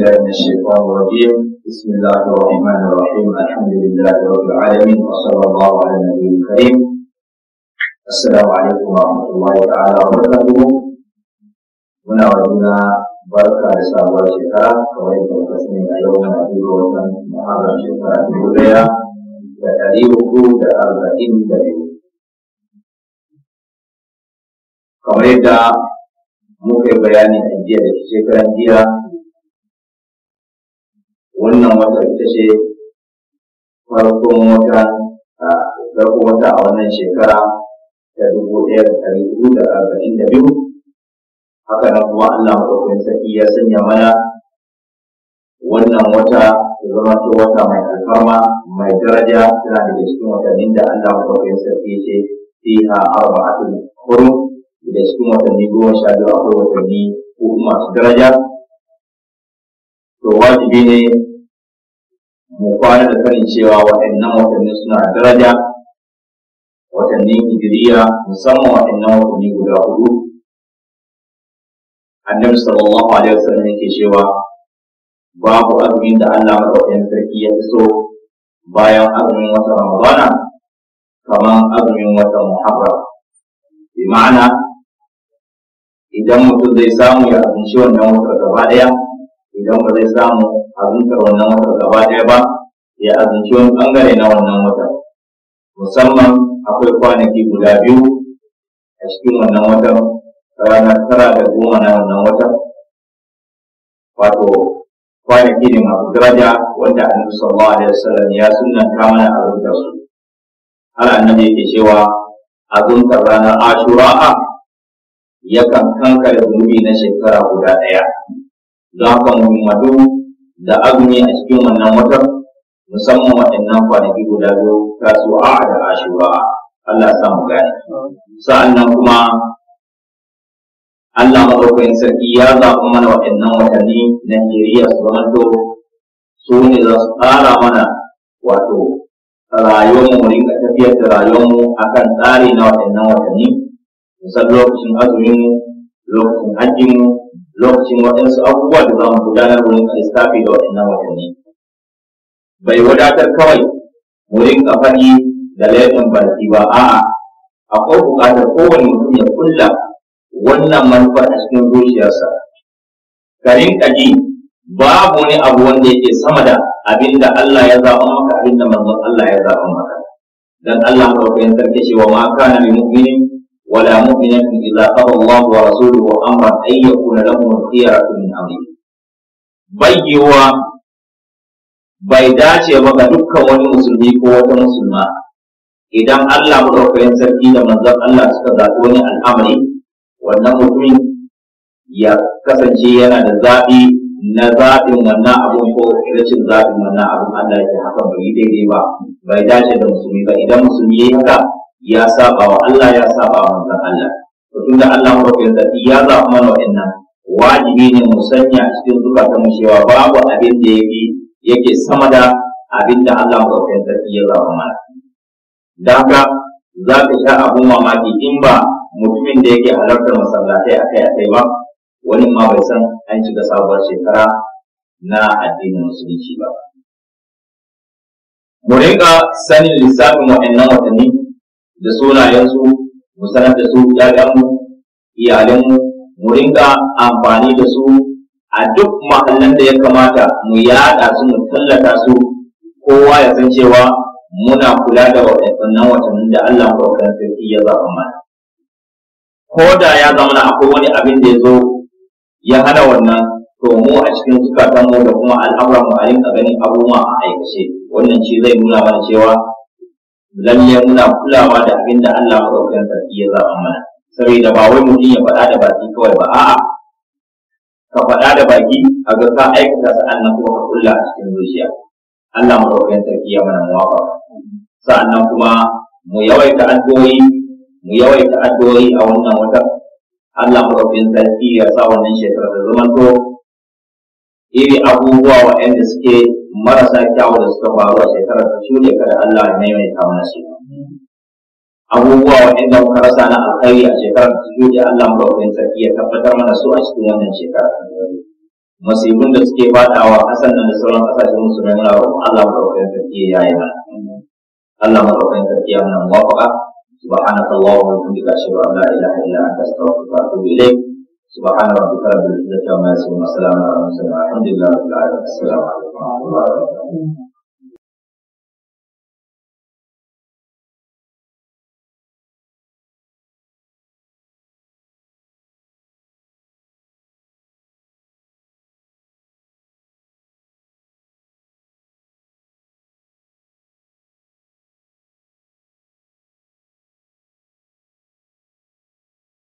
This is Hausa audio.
الله من الشيطان الرجيم بسم الله الرحمن الرحيم الحمد لله رب العالمين وصلى الله على النبي الكريم السلام عليكم ورحمه الله تعالى وبركاته هنا وجدنا بركه لسان الله الشيطان كويس اليوم نعتبر وطن محمد الشيطان في بوليا تتريبك تأربعين تريبك kamar yadda muka yi bayani a wannan wata ita ce farkon wata farkon wata a wannan shekara ta dubu ɗaya da ɗari dubu da arba'in da biyu haka nan kuma Allah maɗaukakin sarki ya sanya mana wannan wata ta zama ta wata mai alfarma mai daraja tana daga cikin watannin da Allah maɗaukakin sarki ce a arba'atul kuru daga cikin watanni goma sha biyu akwai watanni ko masu daraja to wajibi ne mu kwana da kanin cewa waɗannan watanni suna daraja watannin hijiriya musamman waɗannan watanni guda hudu annabi sallallahu alaihi wasallam yake cewa babu azumin da Allah madaukakin sarki ya fi so bayan azumin watan Ramadana kamar azumin wata Muharram bi ma'ana idan mutum zai samu ya abinci wannan wata gaba ɗaya idan ba zai samu azuntar wannan wata gaba ɗaya ba ya azunci wani ɓangare na wannan wata musamman akwai kwanaki guda biyu a cikin wannan watan ranar tara da goma na wannan watan wato kwanaki ne masu daraja wanda annabi sallallahu alaihi wasallam ya sunnanta mana azuntar su har annabi yake cewa azuntar ranar ashura'a yakan kankare zunubi na shekara guda ɗaya za ka muhimmadu da azumi a cikin wannan watan musamman waɗannan kwanaki guda biyu a da ashura Allah sa mu gane sa'annan kuma Allah maɗaukakin sarki ya zaɓi mana waɗannan watanni na Najeriya su zamanto su ne za su tsara mana wato rayuwarmu mu rinka tafiyar da rayuwarmu a kan tsari na waɗannan watanni musamman lokacin azumin lokacin hajjin lokacin waɗansu abubuwa da za mu gudanar wurin lissafi da waɗannan watanni bai wadatar kawai wurin ka faɗi da laifin baki ba a'a akwai buƙatar kowane mutum ya kulla wannan manufar a cikin zuciyarsa karin ƙaji babu wani abu wanda yake sama da abinda Allah ya zaɓa maka abinda manzon Allah ya zaɓa maka dan Allah ka kai sarki cewa ma kana mai mu'minin ولا مؤمنة إلا قضى الله ورسوله أمرا أن يكون لهم الخيرة من أمره بيوا bai dace ba ga dukkan wani musulmi ko wata musulma idan Allah madaukakin sarki da manzon Allah suka zaɓi wani al'amari wannan mutumin ya kasance yana da zaɓi na zaɓin wannan abun ko rashin zaɓin wannan abun Allah ya haka bai daidai ba bai dace da musulmi ba idan musulmi ya haka ya saba wa Allah ya saba wa manzon Allah to tunda Allah madaukakin da ya zaɓi mana waɗannan wajibi ne mu sanya cikin zuwa mu cewa babu abin da yake yake sama da abin da Allah madaukakin da ya zaɓa mana da haka za ka sha abun mamaki in ba mutumin da yake halartar masallatai akai akai ba wani ma bai san an shiga sabuwar shekara na addinin musulunci ba. Mu riƙa sanin lissafin waɗannan watanni da sunayensu mu sanar da su ‘ya'yanmu iyalanmu mu rinka amfani da su a duk mahallan da ya kamata mu yaɗa su mu tallata su kowa ya san cewa muna kula da waɗannan watannin da Allah maɗaukar sarki ya zaɓa mana. Ko da ya zama na akwai wani abin da ya zo ya hana wannan to mu a cikin zukatanmu da kuma mu a rinka ganin abubuwa a aikace wannan shi zai nuna mana cewa lalle muna kulawa da abin da Allah madaukakin sarki ya zaba mana saboda ba wai mutum ya faɗa da baki kawai ba a'a ka faɗa da baki a ga ka aikata sa'annan kuma ka kulla a cikin zuciya Allah madaukakin sarki ya mana muwafaqa sa'annan kuma mu yawaita addu'o'i mu yawaita addu'o'i a wannan wata Allah madaukakin sarki ya sa wannan shekara da zamanto iri abubuwa waɗanda suke marasa kyawu da suka faru a shekarar ta su ne kada Allah ya maimaita mana shi abubuwa waɗanda muka rasa na alkhairi a shekarar ta su ne Allah maɗaukakin sarki ya tabbatar mana su a cikin wannan shekara musibin da suke fadawa kasan nan da sauran ƙasashen musulmi muna roƙon Allah maɗaukakin sarki ya yi mana Allah maɗaukakin sarki ya mana muwafaƙa subhanaka Allahumma wa bihamdika ashhadu an la ilaha illa anta astaghfiruka wa atubu ilayk سبحان ربك رب العزة عما يصفون وسلام على المرسلين والحمد لله رب العالمين السلام عليكم ورحمة الله وبركاته